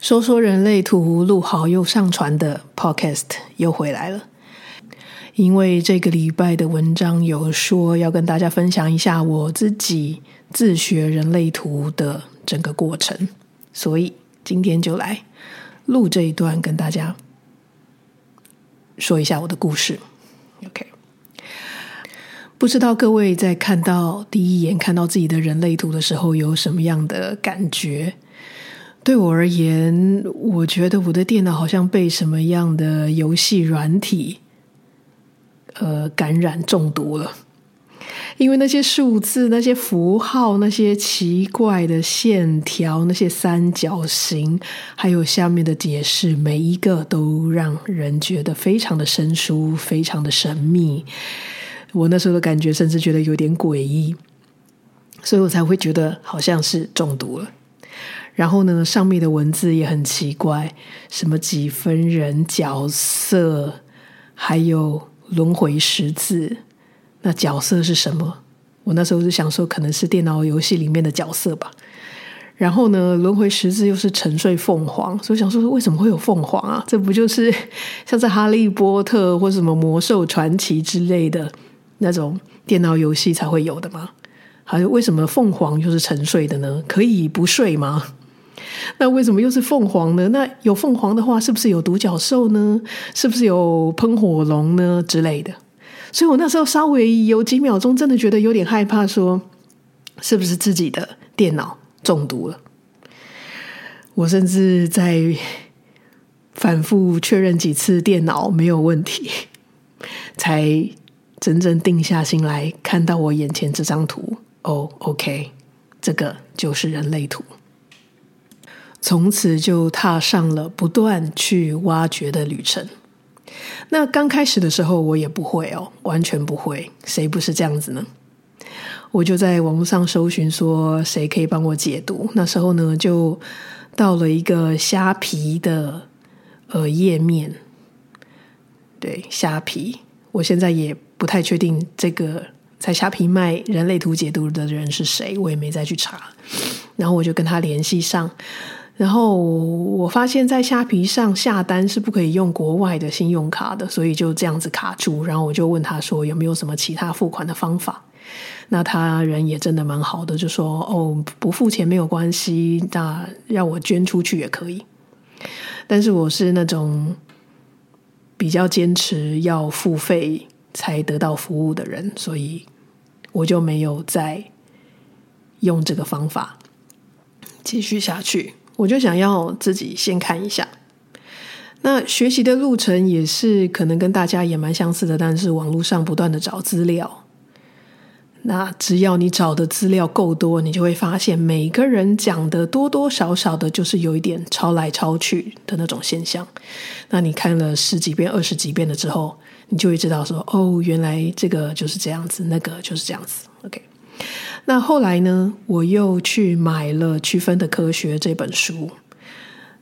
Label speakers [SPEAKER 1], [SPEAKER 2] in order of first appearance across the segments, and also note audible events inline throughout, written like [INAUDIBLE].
[SPEAKER 1] 說說人類圖錄好又上傳的 Podcast 又回來了，因為這個禮拜的文章有說要跟大家分享一下我自己自學人類圖的整個過程，所以今天就來錄這一段跟大家說一下我的故事。OK，不知道各位在看到第一眼看到自己的人類圖的時候有什麼樣的感覺？對我而言，我覺得我的電腦好像被什麼樣的遊戲軟體，呃，感染中毒了。因為那些數字、那些符號、那些奇怪的線條、那些三角形，還有下面的解釋，每一個都讓人覺得非常的生疏、非常的神秘。我那時候的感覺，甚至覺得有點詭異，所以我才會覺得好像是中毒了。然後呢，上面的文字也很奇怪，什麼幾分人角色，還有輪迴十字。那角色是什麼？我那時候就想說，可能是電腦遊戲裡面的角色吧。然後呢，輪迴十字又是沉睡鳳凰，所以想說，為什麼會有鳳凰啊？這不就是像在《哈利波特》或什麼《魔獸傳奇》之類的那種電腦遊戲才會有的嗎？還有，為什麼鳳凰又是沉睡的呢？可以不睡嗎？那為什麼又是鳳凰呢？那有鳳凰的話，是不是有獨角獸呢？是不是有噴火龍呢之類的？所以我那時候稍微有幾秒鐘，真的覺得有點害怕，說是不是自己的電腦中毒了？我甚至在反覆確認幾次電腦沒有問題，才真正定下心來看到我眼前這張圖。哦，OK，這個就是人類圖。從此就踏上了不斷去挖掘的旅程。那剛開始的時候，我也不會哦，完全不會。誰不是這樣子呢？我就在網絡上搜尋，說誰可以幫我解讀。那時候呢，就到了一個蝦皮的呃頁面。對，蝦皮，我現在也不太確定這個在蝦皮賣人類圖解讀的人是誰，我也沒再去查。然後我就跟他聯繫上。然後我發現，在蝦皮上下單是不可以用國外的信用卡的，所以就這樣子卡住。然後我就問他說：“有沒有什麼其他付款的方法？”那他人也真的蠻好的，就說：“哦，不付錢沒有關係，那讓我捐出去也可以。”但是我是那種比較堅持要付費才得到服務的人，所以我就沒有再用這個方法繼續下去。我就想要自己先看一下，那學習的路程也是可能跟大家也蠻相似的，但是網絡上不斷的找資料，那只要你找的資料夠多，你就會發現每個人講的多多少少的就是有一點抄來抄去的那種現象。那你看了十幾遍、二十幾遍了之後，你就會知道說，哦，原來這個就是這樣子，那個就是這樣子。OK。那後來呢，我又去買了《區分的科學》這本書。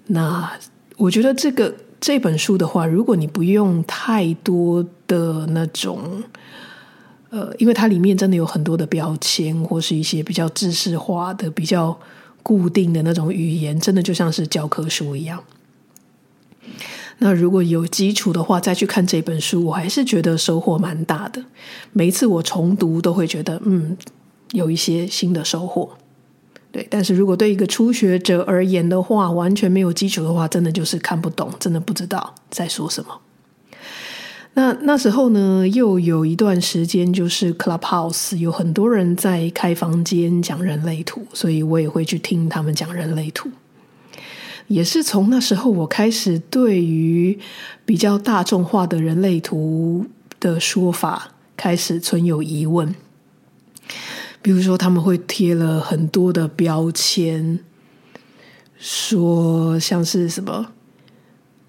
[SPEAKER 1] 那我覺得這個這本書的話，如果你不用太多的那種，呃，因為它裡面真的有很多的標籤，或是一些比較知識化的、比較固定的那種語言，真的就像是教科書一樣。那如果有基礎的話，再去看這本書，我還是覺得收穫蠻大的。每一次我重讀都會覺得，嗯。有一些新的收穫，對。但是如果對一個初學者而言的話，完全沒有基礎的話，真的就是看不懂，真的不知道在說什麼。那那時候呢，又有一段時間就是 Clubhouse，有很多人在開房間講人類圖，所以我也會去聽他們講人類圖。也是從那時候，我開始對於比較大眾化的人類圖的說法開始存有疑問。比如說，他們會貼了很多的標籤，說像是什麼，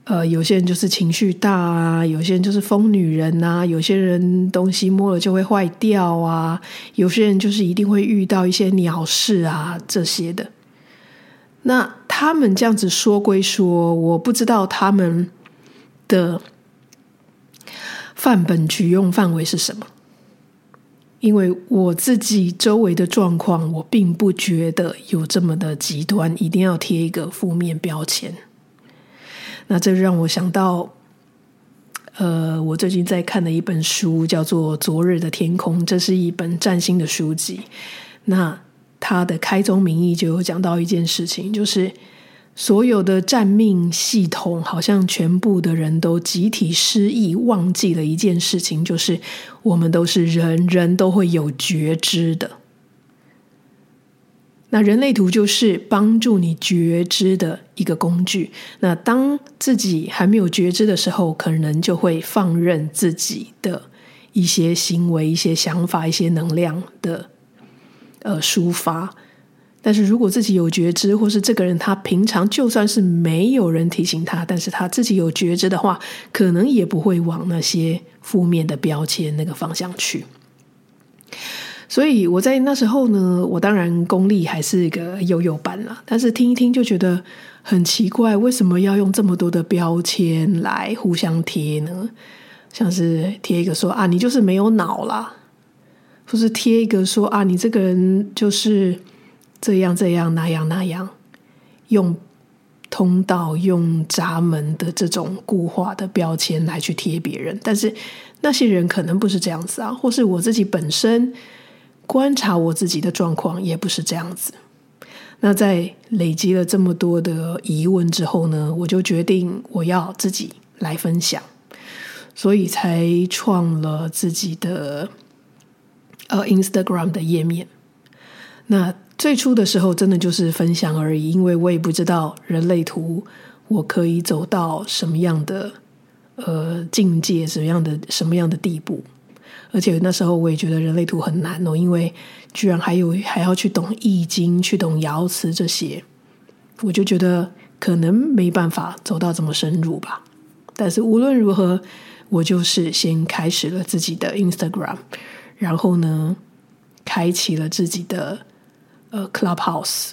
[SPEAKER 1] 呃，有些人就是情緒大啊，有些人就是瘋女人啊，有些人東西摸了就會壞掉啊，有些人就是一定會遇到一些鳥事啊，這些的。那他們這樣子說歸說，我不知道他們的範本取用範圍是什麼。因為我自己周圍的狀況，我並不覺得有這麼的極端，一定要貼一個負面標籤。那這讓我想到，呃，我最近在看的一本書叫做《昨日的天空》，這是一本占星的書籍。那它的開宗明義就有講到一件事情，就是。所有的占命系統，好像全部的人都集體失憶，忘記了一件事情，就是我們都是人，人都會有覺知的。那人類圖就是幫助你覺知的一個工具。那當自己還沒有覺知的時候，可能就會放任自己的一些行為、一些想法、一些能量的呃抒發。但是如果自己有覺知，或是這個人他平常就算是沒有人提醒他，但是他自己有覺知的話，可能也不會往那些負面的標籤那個方向去。所以我在那時候呢，我當然功力還是一個幼幼班啦，但是聽一聽就覺得很奇怪，為什麼要用這麼多的標籤來互相貼呢？像是貼一個說啊，你就是沒有腦啦，或是貼一個說啊，你這個人就是。這樣這樣那樣那樣，用通道用閘門的這種固化的標籤來去貼別人，但是那些人可能不是這樣子啊，或是我自己本身觀察我自己的狀況也不是這樣子。那在累積了這麼多的疑問之後呢，我就決定我要自己來分享，所以才創了自己的呃 Instagram 的頁面。那。最初的時候，真的就是分享而已，因為我也不知道人類圖我可以走到什麼樣的呃境界，什麼樣的什麼樣的地步。而且那時候我也覺得人類圖很難哦，因為居然還有還要去懂易經，去懂爻辭這些，我就覺得可能沒辦法走到這麼深入吧。但是無論如何，我就是先開始了自己的 Instagram，然後呢，開啟了自己的。呃，Clubhouse，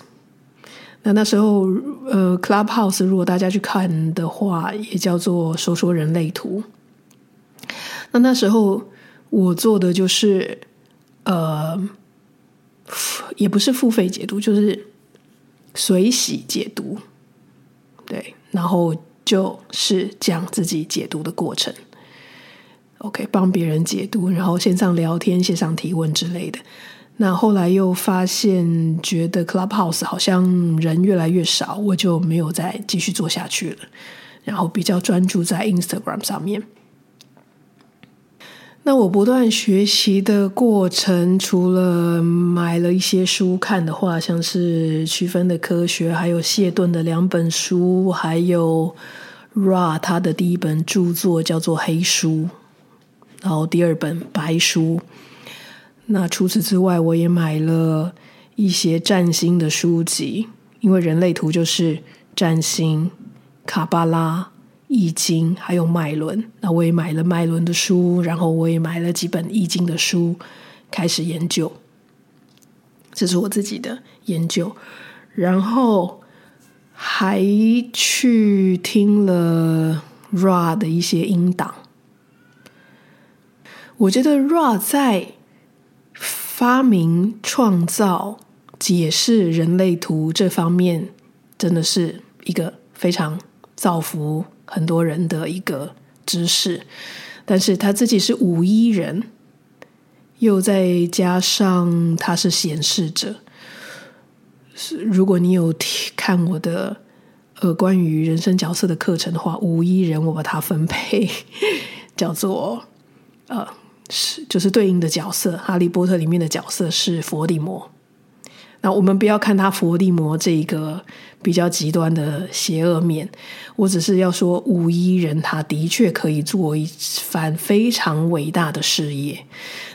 [SPEAKER 1] 那那時候，呃，Clubhouse 如果大家去看的話，也叫做“說說人類圖”。那那時候我做的就是，呃，也不是付費解讀，就是隨喜解讀，對，然後就是講自己解讀的過程。OK，幫別人解讀，然後線上聊天、線上提問之類的。那後來又發現，覺得 Clubhouse 好像人越來越少，我就沒有再繼續做下去了。然後比較專注在 Instagram 上面。那我不斷學習的過程，除了買了一些書看的話，像是區分的科學，還有謝頓的兩本書，還有 Ra 他的第一本著作叫做《黑書》，然後第二本《白書》。那除此之外，我也買了一些占星的書籍，因為《人類圖》就是占星、卡巴拉、易經，還有脈輪。那我也買了脈輪的書，然後我也買了幾本易經的書，開始研究，這是我自己的研究。然後還去聽了 Ra 的一些音檔，我覺得 Ra 在發明、創造、解釋人類圖這方面，真的是一個非常造福很多人的一個知識。但是他自己是五一人，又再加上他是顯示者。是如果你有看我的呃，關於人生角色的課程的話，五一人我把它分配，叫做呃。是，就是對應的角色，《哈利波特》裡面的角色是伏地魔。那我們不要看他伏地魔這個比較極端的邪惡面，我只是要說，五一人他的確可以做一番非常偉大的事業。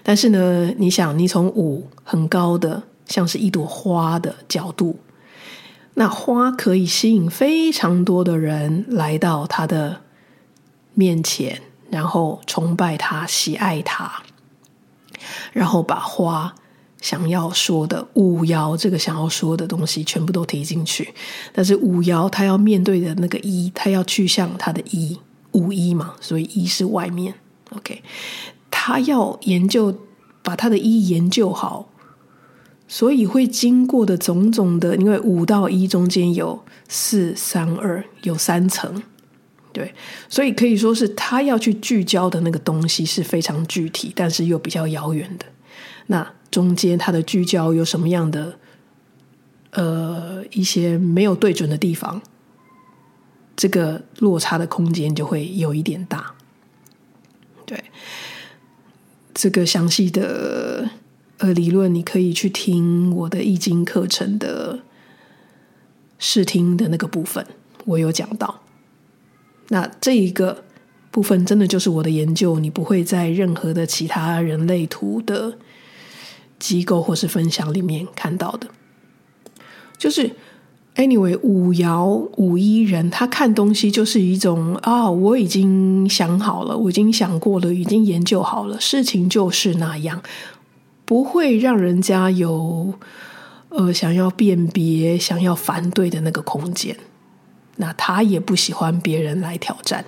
[SPEAKER 1] 但是呢，你想，你從五很高的，像是一朵花的角度，那花可以吸引非常多的人來到他的面前。然後崇拜他，喜愛他，然後把花想要說的，五爻這個想要說的東西全部都提進去。但是五爻他要面對的那個一，他要去向他的一，五一嘛，所以一是外面，OK。他要研究，把他的一研究好，所以會經過的種種的，因為五到一中間有四、三、二，有三層。對，所以可以說是他要去聚焦的那個東西是非常具體，但是又比較遙遠的。那中間他的聚焦有什麼樣的呃一些沒有對準的地方，這個落差的空間就會有一點大。對，這個詳細的呃理論，你可以去聽我的易經課程的試聽的那個部分，我有講到。那這一個部分真的就是我的研究，你不會在任何的其他人類圖的機構或是分享裡面看到的。就是 anyway，五爻五一人，他看東西就是一種啊、哦，我已經想好了，我已經想過了，已經研究好了，事情就是那樣，不會讓人家有呃想要辨別、想要反對的那個空間。那他也不喜歡別人來挑戰，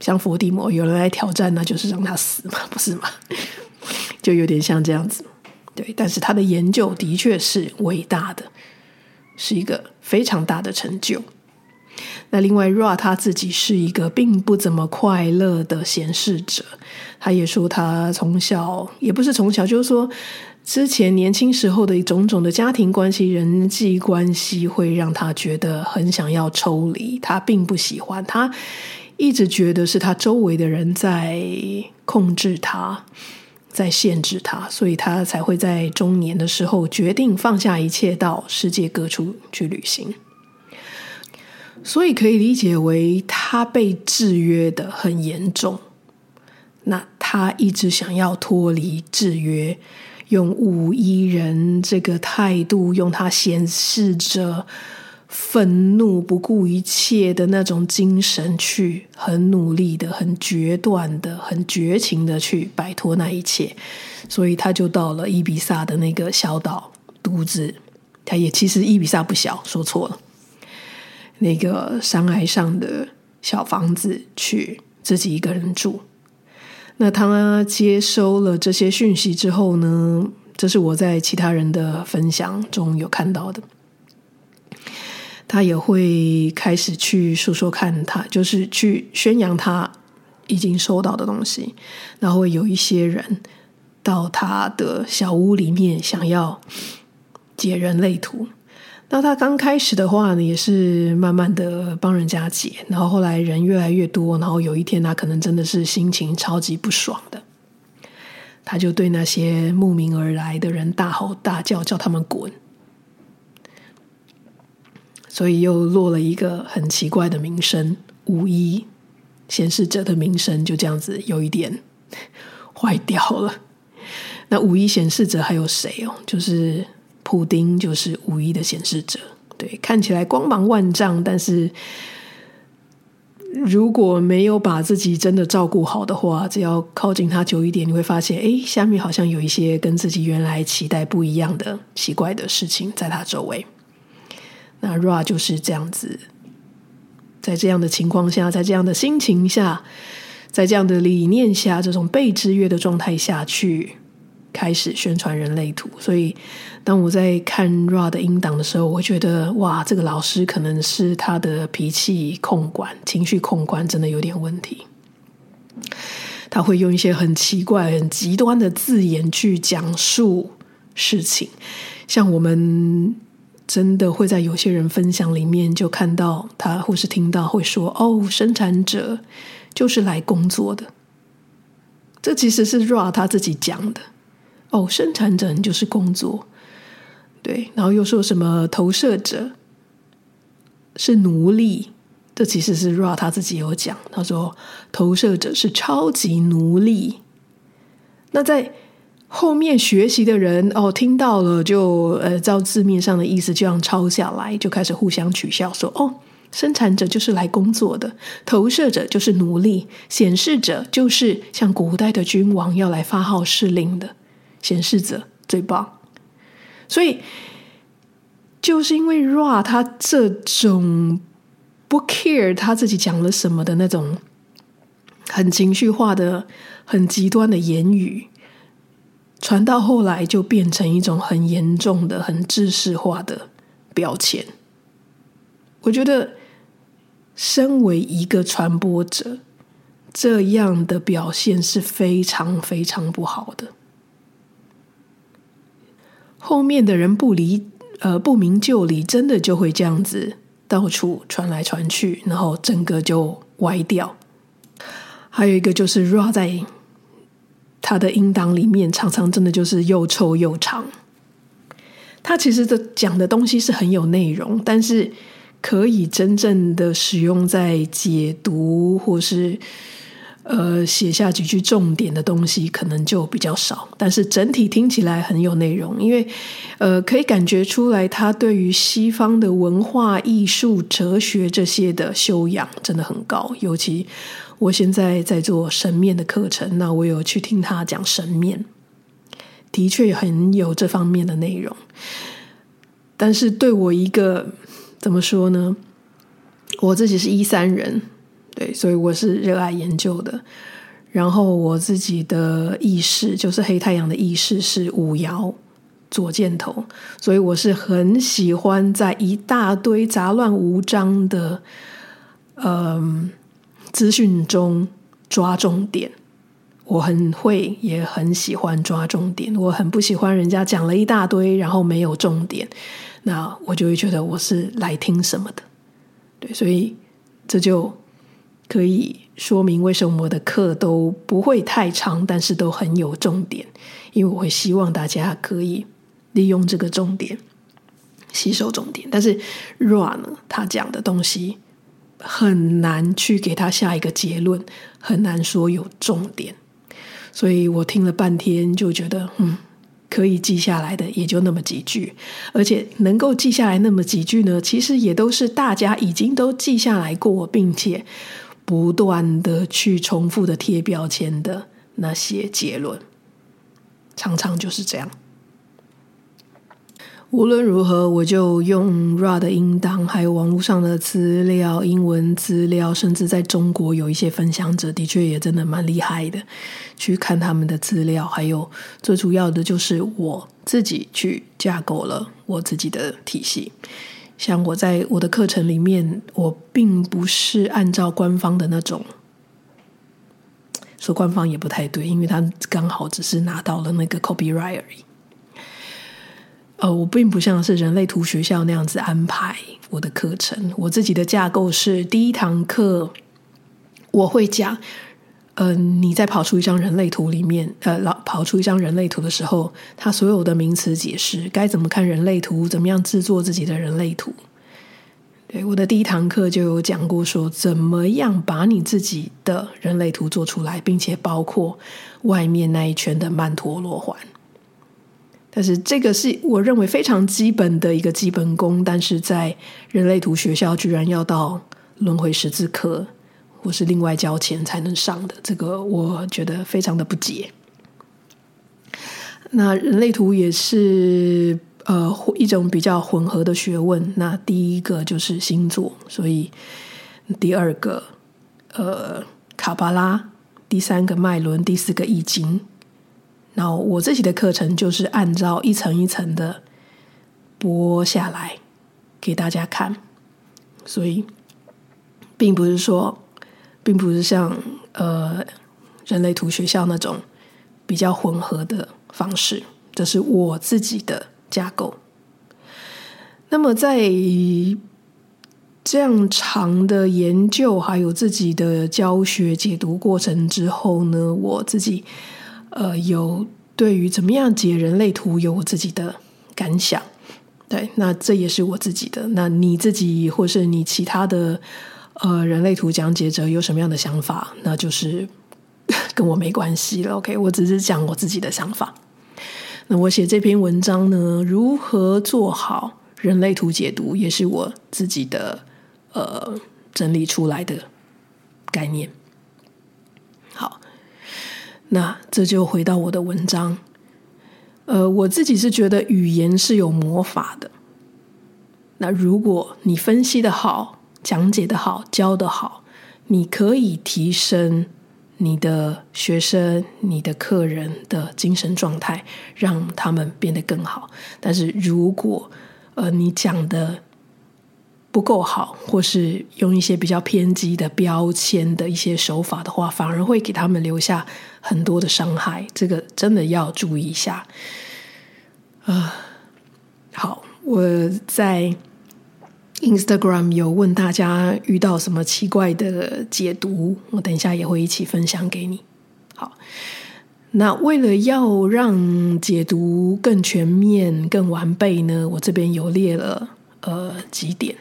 [SPEAKER 1] 像伏地魔，有人來挑戰，那就是讓他死嘛，不是嗎？ [LAUGHS] 就有點像這樣子，對。但是他的研究的確是偉大的，是一個非常大的成就。那另外 Ra 他自己是一個並不怎麼快樂的顯示者，他也說他從小也不是從小，就是說。之前年輕時候的種種的家庭關係、人際關係，會讓他覺得很想要抽離。他並不喜歡，他一直覺得是他周圍的人在控制他，在限制他，所以他才會在中年的時候決定放下一切，到世界各處去旅行。所以可以理解為他被制約得很嚴重。那他一直想要脫離制約。用五一人這個態度，用他顯示着憤怒、不顧一切的那種精神，去很努力的、很決斷的、很絕情的去擺脫那一切，所以他就到了伊比薩的那個小島，獨自，他也其實伊比薩不小，說錯了，那個山崖上的小房子，去自己一個人住。那他接收了這些訊息之後呢？這是我在其他人的分享中有看到的，他也會開始去說說看他，他就是去宣揚他已經收到的東西，然後有一些人到他的小屋裡面想要解人類圖。那他剛開始的話呢，也是慢慢的幫人家解，然後後來人越來越多，然後有一天他可能真的是心情超級不爽的，他就對那些慕名而來的人大吼大叫，叫他們滾，所以又落了一個很奇怪的名聲——巫醫顯示者的名聲就這樣子有一點壞掉了。那巫醫顯示者還有誰哦？就是。普丁，就是無一的顯示者，對，看起來光芒萬丈，但是如果沒有把自己真的照顧好的話，只要靠近他久一點，你會發現，誒，下面好像有一些跟自己原來期待不一樣的奇怪的事情在他周圍。那 Ra 就是這樣子，在這樣的情況下，在這樣的心情下，在這樣的理念下，這種被制約的狀態下去。開始宣傳人類圖，所以當我在看 Ra 的音檔的時候，我覺得哇，這個老師可能是他的脾氣控管、情緒控管真的有點問題。他會用一些很奇怪、很極端的字眼去講述事情，像我們真的會在有些人分享裡面就看到他，或是聽到會說：“哦，生產者就是來工作的。”這其實是 Ra 他自己講的。哦，生產者就是工作，對，然後又說什麼投射者是奴隸，這其實是 Ra 他自己有講，他說投射者是超級奴隸。那在後面學習的人哦，聽到了就呃照字面上的意思這樣抄下來，就開始互相取笑說：哦，生產者就是來工作的，投射者就是奴隸，顯示者就是像古代的君王要來發號施令的。顯示者最棒，所以就是因為 Ra 他這種不 care 他自己講了什麼的那種很情緒化的、很極端的言語，傳到後來就變成一種很嚴重的、很知識化的標籤。我覺得，身為一個傳播者，這樣的表現是非常非常不好的。後面的人不離，呃，不明就裡，真的就會這樣子到處傳來傳去，然後整個就歪掉。還有一個就是 Ra 在他的音檔裡面，常常真的就是又臭又長。他其實的講的東西是很有內容，但是可以真正的使用在解讀或是。呃，寫下幾句重點的東西可能就比較少，但是整體聽起來很有內容，因為呃，可以感覺出來他對於西方的文化、藝術、哲學這些的修養真的很高，尤其我現在在做神面的課程，那我有去聽他講神面，的確很有這方面的內容。但是對我一個，怎麼說呢？我自己是一三人。對，所以我是熱愛研究的。然後我自己的意識就是黑太陽的意識是五爻左箭頭，所以我是很喜歡在一大堆雜亂無章的嗯資訊中抓重點。我很會，也很喜歡抓重點。我很不喜歡人家講了一大堆，然後沒有重點，那我就會覺得我是來聽什麼的。對，所以這就。可以說明為什麼我的課都不會太長，但是都很有重點，因為我會希望大家可以利用這個重點吸收重點。但是 Ra 他講的東西很難去給他下一個結論，很難說有重點，所以我聽了半天就覺得，嗯，可以記下來的也就那麼幾句，而且能夠記下來那麼幾句呢，其實也都是大家已經都記下來過，並且。不斷的去重複的貼標籤的那些結論，常常就是這樣。無論如何，我就用 Ra 的音檔，還有網絡上的資料、英文資料，甚至在中國有一些分享者，的確也真的蠻厲害的。去看他們的資料，還有最主要的，就是我自己去架構了我自己的體系。像我在我的課程裡面，我並不是按照官方的那種，說官方也不太對，因為他剛好只是拿到了那個 copyright 而已。呃，我並不像是人類圖學校那樣子安排我的課程，我自己的架構是第一堂課我會講。呃，你在跑出一張人類圖裡面，呃，老跑出一張人類圖的時候，它所有的名詞解釋，該怎麼看人類圖，怎麼樣製作自己的人類圖？對，我的第一堂課就有講過，說怎麼樣把你自己的人類圖做出來，並且包括外面那一圈的曼陀羅環。但是這個是我認為非常基本的一個基本功，但是在人類圖學校居然要到輪迴十字課。我是另外交錢才能上的，這個我覺得非常的不解。那人類圖也是呃一種比較混合的學問。那第一個就是星座，所以第二個呃卡巴拉，第三個脈輪，第四個易經。那我這期的課程就是按照一層一層的剝下來給大家看，所以並不是說。並不是像呃人類圖學校那種比較混合的方式，這是我自己的架構。那麼在這樣長的研究還有自己的教學解讀過程之後呢，我自己呃有對於怎麼樣解人類圖有我自己的感想。對，那這也是我自己的。那你自己或是你其他的呃，人類圖講解者有什麼樣的想法？那就是跟我沒關係了。OK，我只是講我自己的想法。那我寫這篇文章呢，如何做好人類圖解讀，也是我自己的呃整理出來的概念。好，那這就回到我的文章。呃，我自己是覺得語言是有魔法的。那如果你分析得好。講解的好，教的好，你可以提升你的學生、你的客人的精神狀態，讓他們變得更好。但是，如果呃你講的不夠好，或是用一些比較偏激的標籤的一些手法的話，反而會給他們留下很多的傷害。這個真的要注意一下。啊、呃，好，我在，Instagram 有問大家遇到什麼奇怪的解讀，我等一下也會一起分享給你。好，那為了要讓解讀更全面、更完備呢，我這邊有列了呃幾點，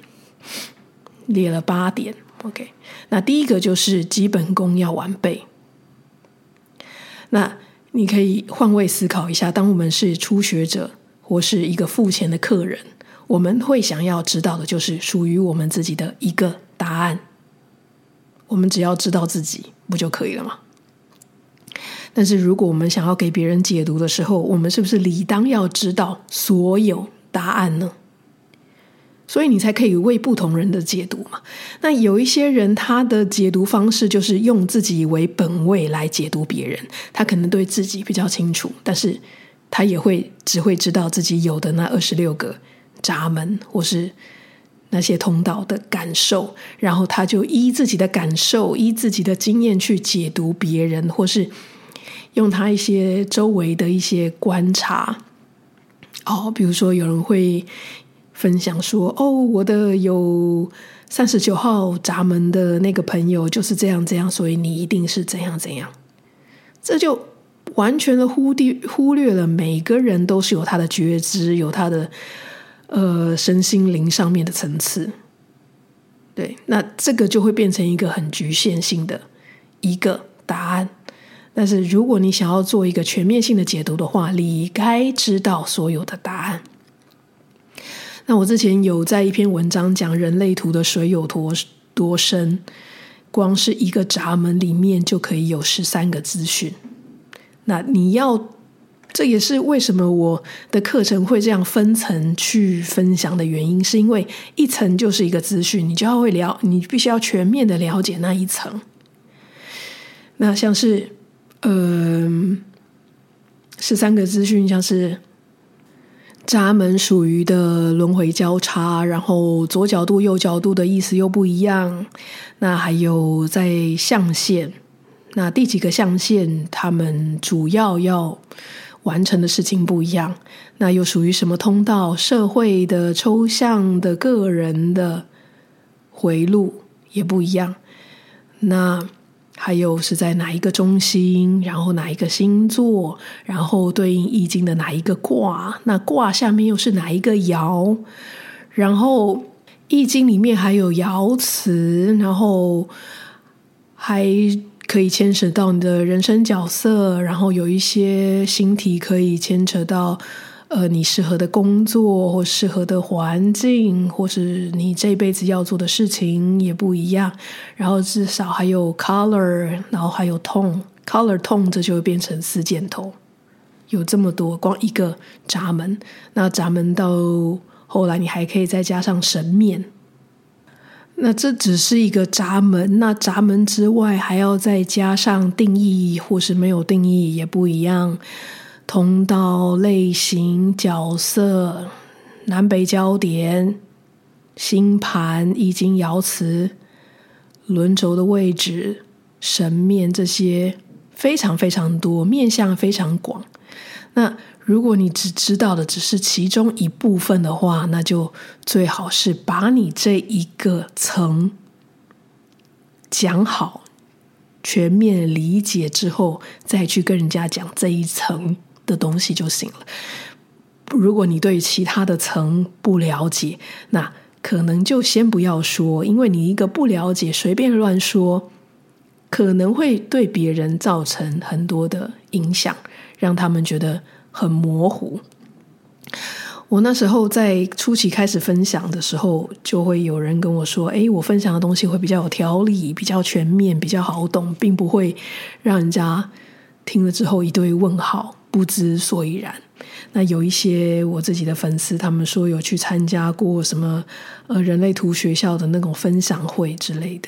[SPEAKER 1] 列了八點。OK，那第一個就是基本功要完備。那你可以換位思考一下，當我們是初學者或是一個付錢的客人。我們會想要知道的就是屬於我們自己的一個答案。我們只要知道自己，不就可以了嗎？但是如果我們想要給別人解讀的時候，我們是不是理當要知道所有答案呢？所以你才可以為不同人的解讀嘛。那有一些人他的解讀方式就是用自己為本位來解讀別人，他可能對自己比較清楚，但是他也會只會知道自己有的那二十六個閘門或是那些通道的感受，然後他就依自己的感受、依自己的經驗去解讀別人，或是用他一些周圍的一些觀察。哦，比如說有人會分享說：“哦，我的有三十九號閘門的那個朋友就是這樣這樣，所以你一定是怎樣怎樣。”這就完全的忽地忽略了每個人都是有他的覺知，有他的。呃，身心靈上面的層次，對，那這個就會變成一個很局限性的一個答案。但是，如果你想要做一個全面性的解讀的話，你該知道所有的答案。那我之前有在一篇文章講人類圖的水有多多深，光是一個閘門裡面就可以有十三個資訊。那你要。這也是為什麼我的課程會這樣分層去分享的原因，是因為一層就是一個資訊，你就要會聊，你必須要全面的了解那一層。那像是，嗯、呃，十三個資訊，像是閘門屬於的輪回交叉，然後左角度、右角度的意思又不一樣。那還有在象限，那第幾個象限，他們主要要。完成的事情不一樣，那又屬於什麼通道？社會的、抽象的、個人的回路也不一樣。那還有是在哪一個中心？然後哪一個星座？然後對應易經的哪一個卦？那卦下面又是哪一個爻？然後易經裡面還有爻辭，然後還，可以牽扯到你的人生角色，然後有一些星體可以牽扯到，呃，你適合的工作或適合的環境，或是你這輩子要做的事情也不一樣。然後至少還有 color，然後還有 tone。color tone 這就會變成四箭頭，有這麼多，光一個閘門，那閘門到後來你還可以再加上神面。那這只是一個閘門，那閘門之外還要再加上定義，或是沒有定義也不一樣。通道類型、角色、南北交點、星盤、易經、爻辭、輪軸的位置、神面這些非常非常多，面向非常廣。那如果你只知道的只是其中一部分的話，那就最好是把你這一個層講好，全面理解之後，再去跟人家講這一層的東西就行了。如果你對其他的層不了解，那可能就先不要說，因為你一個不了解，隨便亂說，可能會對別人造成很多的影響，讓他們覺得。很模糊。我那時候在初期開始分享的時候，就會有人跟我說：“哎，我分享的東西會比較有條理，比較全面，比較好懂，並不會讓人家聽了之後一堆問號，不知所以然。”那有一些我自己的粉絲，他們說有去參加過什麼呃人類圖學校的那種分享會之類的，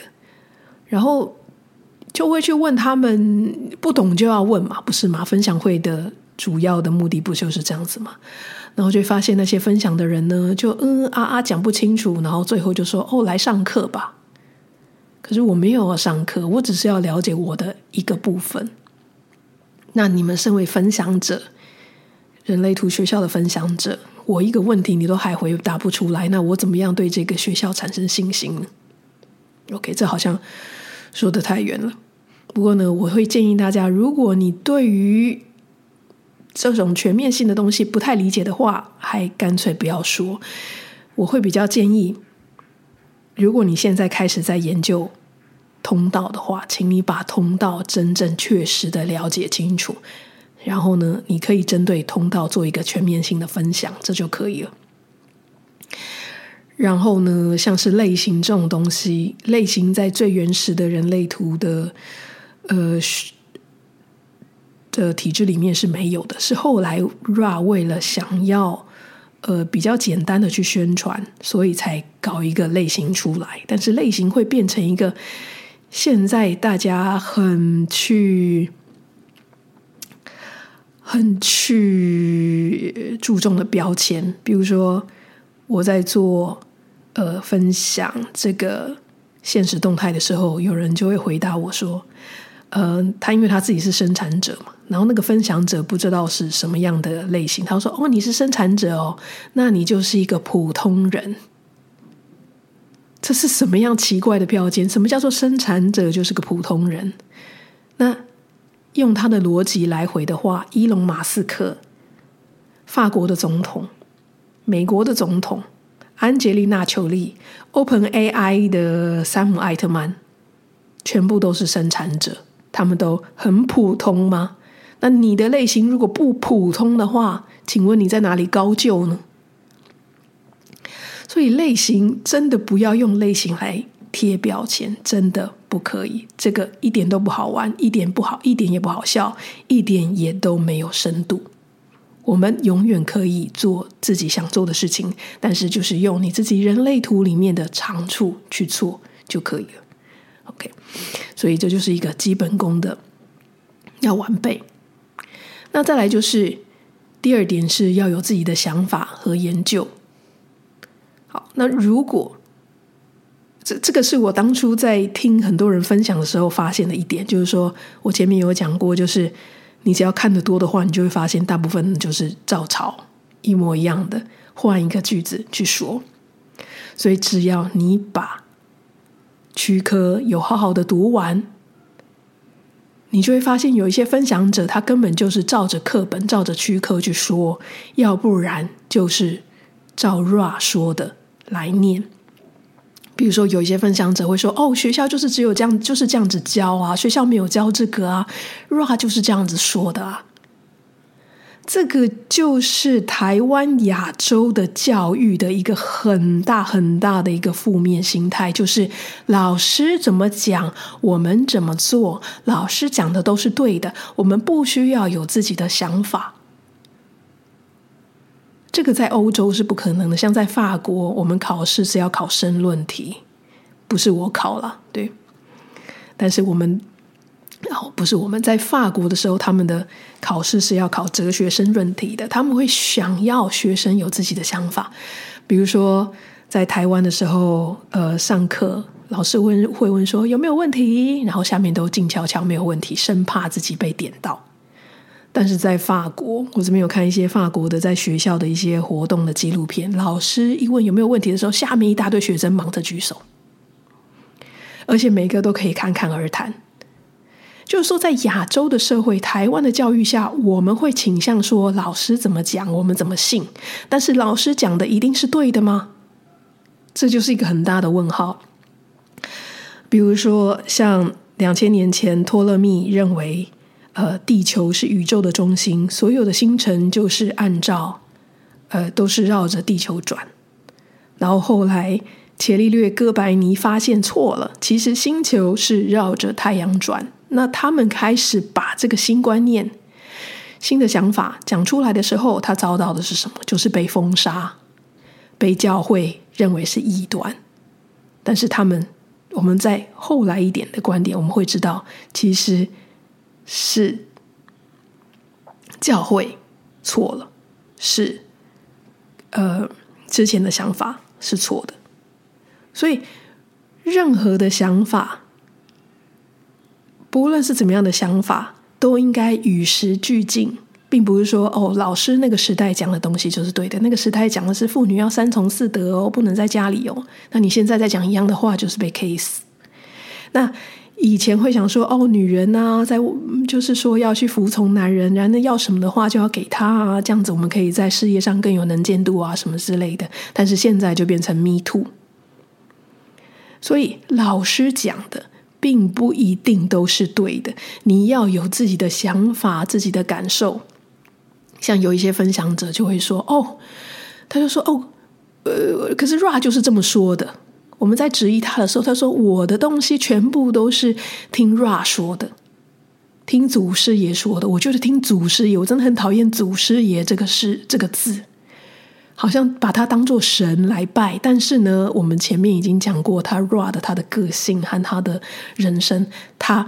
[SPEAKER 1] 然後就會去問他們，不懂就要問嘛，不是嘛，分享會的主要的目的不就是這樣子嗎？然後就發現那些分享的人呢，就嗯啊啊講不清楚，然後最後就說哦，來上課吧。可是我沒有要上課，我只是要了解我的一個部分。那你們身為分享者，人類圖學校的分享者，我一個問題你都還回答不出來，那我怎麼樣對這個學校產生信心呢？OK，呢這好像說得太遠了。不過呢，我會建議大家，如果你對於這種全面性的東西不太理解的話，還乾脆不要說。我會比較建議，如果你現在開始在研究通道的話，請你把通道真正確實的了解清楚。然後呢，你可以針對通道做一個全面性的分享，這就可以了。然後呢，像是類型這種東西，類型在最原始的人類圖的，呃，的體制裡面是沒有的，是後來 Ra 為了想要呃比較簡單的去宣傳，所以才搞一個類型出來。但是類型會變成一個現在大家很去很去注重的標籤。比如說我在做呃分享這個現實動態的時候，有人就會回答我說。呃，他因為他自己是生產者嘛，然後那個分享者不知道是什麼樣的類型。他說：“哦，你是生產者哦，那你就是一個普通人。”這是什麼樣奇怪的標籤？什麼叫做生產者就是個普通人？那用他的邏輯來回的話，伊隆馬斯克、法國的總統、美國的總統安潔莉娜·裘莉、Open AI 的山姆·艾特曼，全部都是生產者。他們都很普通嗎？那你的類型如果不普通的話，請問你在哪裡高就呢？所以類型真的不要用類型來貼標籤，真的不可以。這個一點都不好玩，一點不好，一點也不好笑，一點也都沒有深度。我們永遠可以做自己想做的事情，但是就是用你自己人類圖裡面的長處去做就可以了。所以這就是一個基本功的要完備。那再來就是第二點，是要有自己的想法和研究。好，那如果這這個是我當初在聽很多人分享的時候發現的一點，就是說我前面有講過，就是你只要看得多的話，你就會發現大部分就是照抄一模一樣的，換一個句子去說。所以只要你把區科有好好的讀完，你就會發現有一些分享者，他根本就是照着課本、照着區科去說，要不然就是照 Ra 說的來念。比如說，有一些分享者會說：“哦，學校就是只有這樣，就是這樣子教啊，學校沒有教這個啊，Ra 就是這樣子說的啊。”這個就是台灣亞洲的教育的一個很大很大的一個負面心態，就是老師怎麼講，我們怎麼做，老師講的都是對的，我們不需要有自己的想法。這個在歐洲是不可能的，像在法國，我們考試是要考申論題，不是我考了，對，但是我們。然後、哦、不是我們在法國的時候，他們的考試是要考哲學申論題的。他們會想要學生有自己的想法。比如說在台灣的時候，呃，上課老師問會問說有沒有問題，然後下面都靜悄悄沒有問題，生怕自己被點到。但是在法國，我這邊有看一些法國的在學校的一些活動的紀錄片，老師一問有沒有問題的時候，下面一大堆學生忙着舉手，而且每一個都可以侃侃而談。就是說，在亞洲的社會、台灣的教育下，我們會傾向說，老師怎麼講，我們怎麼信。但是，老師講的一定是對的嗎？這就是一個很大的問號。比如說，像兩千年前托勒密認為，呃，地球是宇宙的中心，所有的星辰就是按照，呃，都是繞着地球轉。然後後來，伽利略、哥白尼發現錯了，其實星球是繞着太陽轉。那他們開始把這個新觀念、新的想法講出來的時候，他遭到的是什麼？就是被封殺，被教會認為是異端。但是他們，我們在後來一點的觀點，我們會知道，其實是教會錯了，是呃之前的想法是錯的。所以任何的想法。不論是怎麼樣的想法，都應該與時俱進，並不是說哦，老師那個時代講的東西就是對的。那個時代講的是婦女要三從四德哦，不能在家裡哦。那你現在再講一樣的話，就是被 cancel。那以前會想說哦，女人啊，在就是說要去服從男人，然後要什麼的話就要給他啊，這樣子我們可以在事業上更有能見度啊，什麼之類的。但是現在就變成 me too。所以老師講的。並不一定都是對的，你要有自己的想法、自己的感受。像有一些分享者就會說：“哦，他就說哦，呃，可是 Ra 就是這麼說的。”我們在質疑他的時候，他說：“我的東西全部都是聽 Ra 說的，聽祖師爺說的。”我覺得聽祖師爺，我真的很討厭“祖師爺”這個是這個字。好像把他當做神來拜，但是呢，我們前面已經講過他 Rod 他的個性和他的人生，他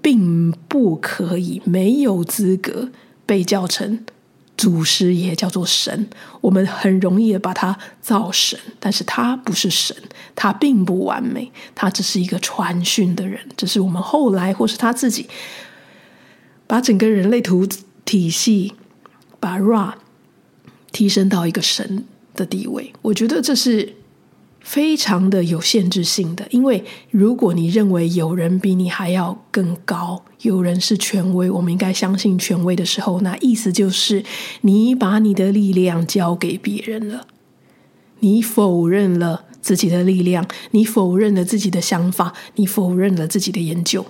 [SPEAKER 1] 並不可以，沒有資格被叫成祖師爺，叫做神。我們很容易的把他造神，但是他不是神，他並不完美，他只是一個傳訊的人，只、就是我們後來或是他自己，把整個人類圖體系把 Rod 提升到一個神的地位，我覺得這是非常的有限制性的，因為如果你認為有人比你還要更高，有人是權威，我們應該相信權威的時候，那意思就是你把你的力量交給別人了，你否認了自己的力量，你否認了自己的想法，你否認了自己的研究。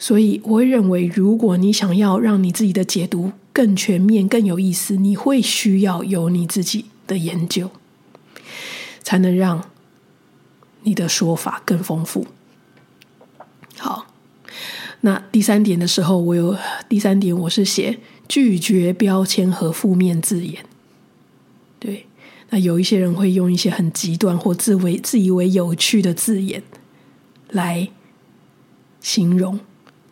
[SPEAKER 1] 所以我會認為，如果你想要讓你自己的解讀更全面、更有意思，你會需要有你自己的研究，才能讓你的說法更豐富。好，那第三點的時候，我有第三點，我是寫拒絕標籤和負面字眼。對，那有一些人會用一些很極端或自為自以為有趣的字眼來形容。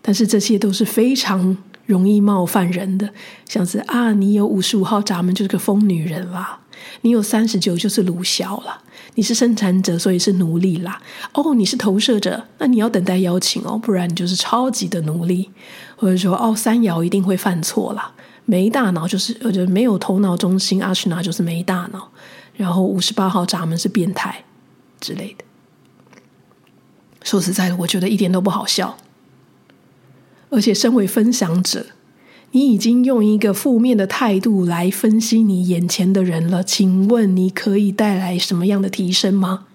[SPEAKER 1] 但是這些都是非常容易冒犯人的，像是啊，你有五十五號閘門就是個瘋女人啦，你有三十九就是魯小啦，你是生產者所以是奴隸啦，哦，你是投射者，那你要等待邀請哦，不然你就是超級的奴隸。或者說，哦，三爻一定會犯錯啦，沒大腦就是，我覺得沒有頭腦中心阿什、啊、拿就是沒大腦，然後五十八號閘門是變態之類的。說實在的，我覺得一點都不好笑。而且，身為分享者，你已經用一個負面的態度來分析你眼前的人了。請問，你可以帶來什麼樣的提升嗎？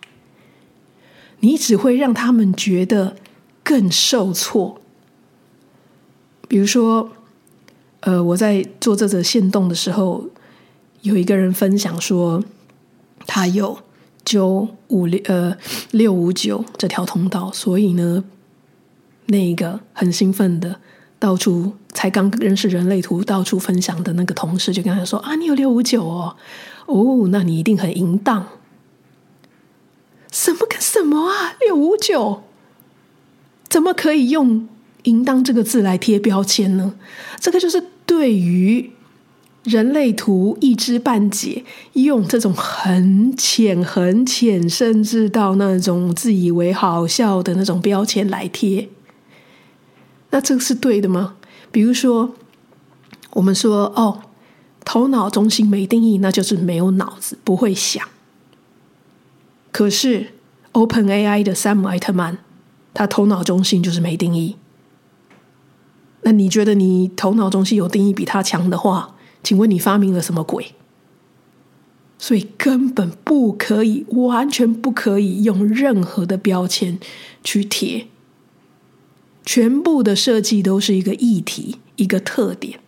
[SPEAKER 1] 你只會讓他們覺得更受挫。比如說，呃，我在做這則限動的時候，有一個人分享說，他有九五六，呃，六五九這條通道，所以呢。那一個很興奮的，到處才剛認識人類圖，到處分享的那個同事，就跟他說：“啊，你有六五九哦，哦，那你一定很淫蕩，什麼跟什麼啊，六五九，怎麼可以用‘淫蕩’這個字來貼標籤呢？這個就是對於人類圖一知半解，用這種很淺很淺，甚至到那種自以為好笑的那種標籤來貼。”那這個是對的嗎？比如說，我們說哦，頭腦中心沒定義，那就是沒有腦子，不會想。可是 OpenAI 的 Sam Altman，他頭腦中心就是沒定義。那你覺得你頭腦中心有定義比他強的話，請問你發明了什麼鬼？所以根本不可以，完全不可以用任何的標籤去貼。全部的設計都是一個議題，一個特點。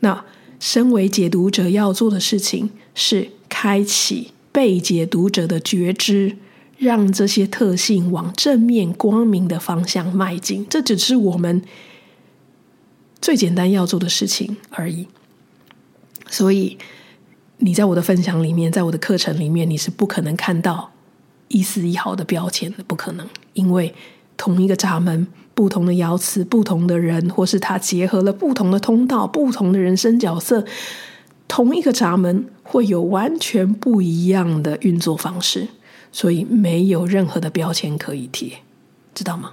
[SPEAKER 1] 那身為解讀者要做的事情是開啟被解讀者的覺知，讓這些特性往正面光明的方向邁進。這只是我們最簡單要做的事情而已。所以你在我的分享裡面，在我的課程裡面，你是不可能看到一絲一毫的標籤的，不可能，因為。同一個閘門，不同的爻辭，不同的人，或是他結合了不同的通道，不同的人生角色，同一個閘門會有完全不一樣的運作方式，所以沒有任何的標籤可以貼，知道嗎？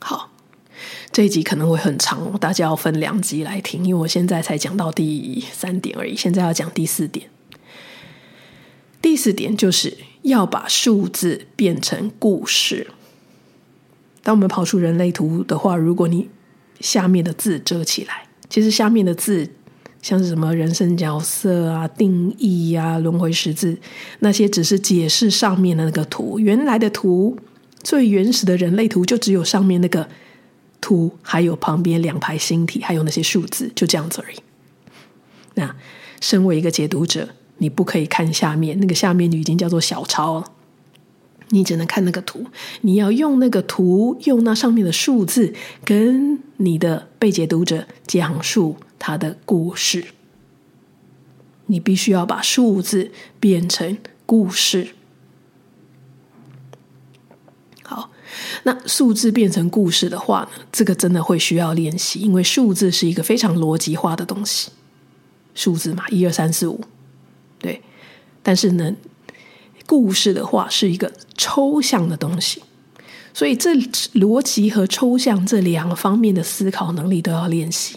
[SPEAKER 1] 好，這一集可能會很長哦，大家要分兩集來聽，因為我現在才講到第三點而已，現在要講第四點。第四點就是要把數字變成故事。當我們跑出人類圖的話，如果你下面的字遮起來，其實下面的字像是什麼人生角色啊、定義呀、啊、輪迴十字那些，只是解釋上面的那個圖。原來的圖，最原始的人類圖就只有上面那個圖，還有旁邊兩排星體，還有那些數字，就這樣子而已。那身為一個解讀者，你不可以看下面，那個下面就已經叫做小抄了。你只能看那個圖，你要用那個圖，用那上面的數字，跟你的被解讀者講述他的故事。你必須要把數字變成故事。好，那數字變成故事的話呢，這個真的會需要練習，因為數字是一個非常邏輯化的東西，數字嘛，一二三四五，對，但是呢。故事的話是一個抽象的東西，所以這邏輯和抽象這兩方面的思考能力都要練習。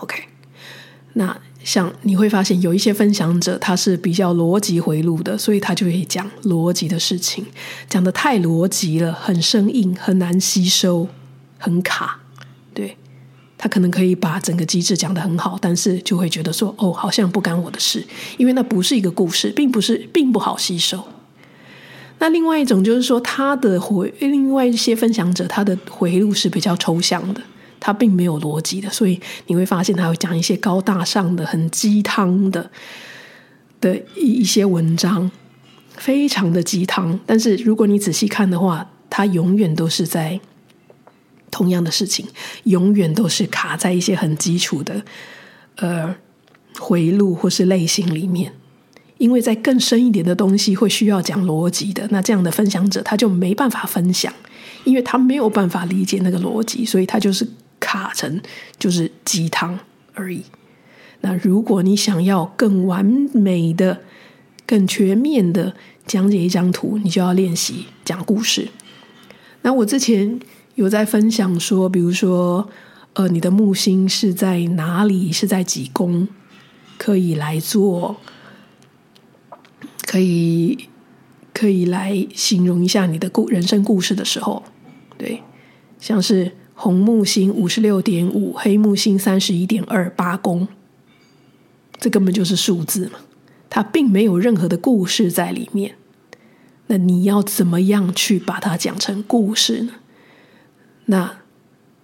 [SPEAKER 1] OK，那像你會發現有一些分享者他是比較邏輯回路的，所以他就會講邏輯的事情，講得太邏輯了，很生硬，很難吸收，很卡。他可能可以把整個機制講得很好，但是就會覺得說，哦，好像不干我的事，因為那不是一個故事，並不是，並不好吸收。那另外一種就是說，他的回，另外一些分享者，他的回路是比較抽象的，他並沒有邏輯的，所以你會發現他會講一些高大上的、很雞湯的的一一些文章，非常的雞湯。但是如果你仔細看的話，他永遠都是在。同樣的事情，永遠都是卡在一些很基礎的呃回路，或是類型裡面，因為在更深一點的東西會需要講邏輯的，那這樣的分享者他就沒辦法分享，因為他沒有辦法理解那個邏輯，所以他就是卡成就是雞湯而已。那如果你想要更完美的、更全面的講解一張圖，你就要練習講故事。那我之前，有在分享說，比如說，呃，你的木星是在哪裡？是在幾宮？可以來做，可以可以來形容一下你的故人生故事的時候，對，像是紅木星五十六點五，黑木星三十一點二八宮，這根本就是數字嘛，它並沒有任何的故事在裡面。那你要怎麼樣去把它講成故事呢？那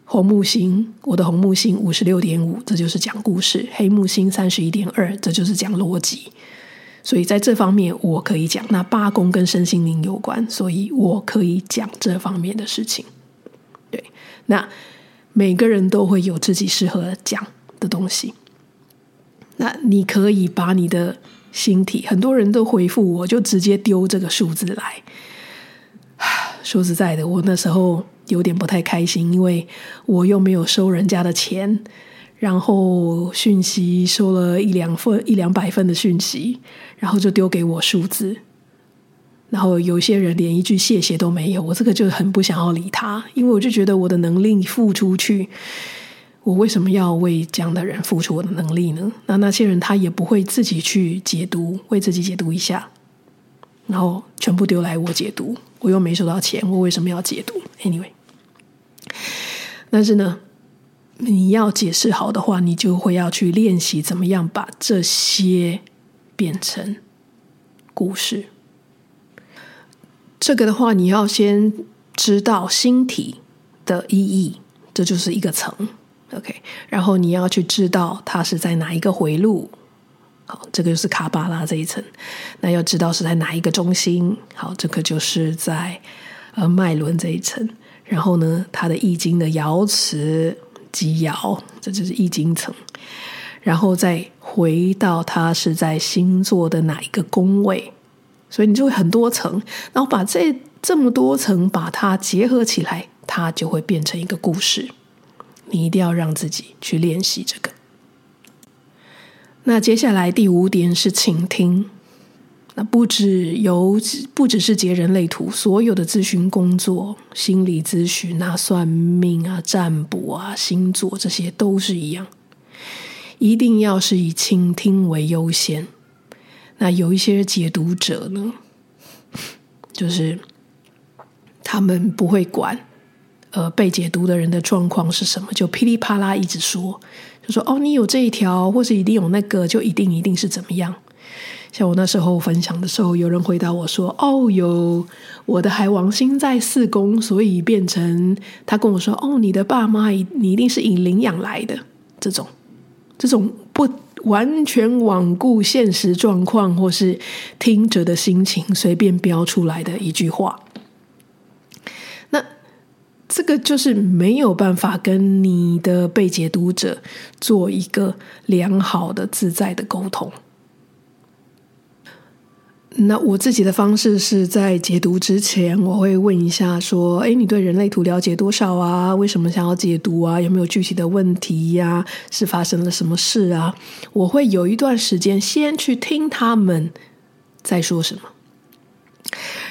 [SPEAKER 1] 紅木星，我的紅木星五十六點五，這就是講故事；黑木星三十一點二，這就是講邏輯。所以在這方面我可以講。那八宮跟身心靈有關，所以我可以講這方面的事情。對，那每個人都會有自己適合講的東西。那你可以把你的星體，很多人都回復我就直接丟這個數字來。說實在的，我那時候。有點不太開心，因為我又沒有收人家的錢，然後訊息收了一兩份，一兩百份的訊息，然後就丟給我數字，然後有些人連一句謝謝都沒有，我這個就很不想要理他，因為我就覺得我的能力付出去，我為什麼要為這樣的人付出我的能力呢？那那些人他也不會自己去解讀，為自己解讀一下，然後全部丟來我解讀，我又沒收到錢，我為什麼要解讀？Anyway。但是呢，你要解釋好的話，你就會要去練習怎麼樣把這些變成故事。這個的話，你要先知道星體的意義，這就是一個層，OK。然後你要去知道它是在哪一個回路，好，這個就是卡巴拉這一層。那要知道是在哪一個中心，好，這個就是在呃脈輪這一層。然後呢，它的易經的爻辭及爻，這就是易經層，然後再回到它是在星座的哪一個宮位，所以你就會很多層，然後把這這麼多層把它結合起來，它就會變成一個故事。你一定要讓自己去練習這個。那接下來第五點是傾聽。不只有，不只是解人類圖，所有的諮詢工作、心理諮詢，那、啊、算命啊、占卜啊、星座這些都是一樣，一定要是以傾聽為優先。那有一些解讀者呢，就是他們不會管呃被解讀的人的狀況是什麼，就噼里啪啦一直說，就說哦，你有這一條，或是一定有那個，就一定一定是怎麼樣。像我那時候分享的時候，有人回答我說：“哦，有我的海王星在四宮，所以變成他跟我說：‘哦，你的爸媽你一定是以領養來的’這種，這種不完全罔顧現實狀況或是聽者的心情隨便標出來的一句話。那這個就是沒有辦法跟你的被解讀者做一個良好的、自在的溝通。”那我自己的方式是在解讀之前，我會問一下說：“哎，你對人類圖了解多少啊？為什麼想要解讀啊？有沒有具體的問題呀？是發生了什麼事啊？”我會有一段時間先去聽他們在說什麼，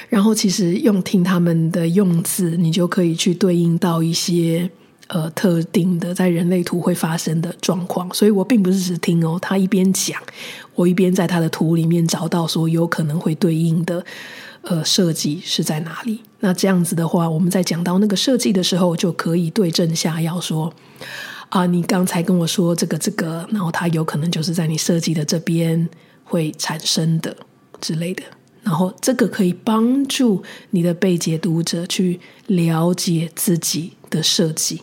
[SPEAKER 1] 然後其實用聽他們的用字，你就可以去對應到一些。呃，特定的在人類圖會發生的狀況，所以我並不是只聽哦，他一邊講，我一邊在他的圖裡面找到說有可能會對應的呃設計是在哪裡。那這樣子的話，我們在講到那個設計的時候，就可以對症下藥，說啊，你剛才跟我說這個這個，然後它有可能就是在你設計的這邊會產生的之類的，然後這個可以幫助你的被解讀者去了解自己的設計。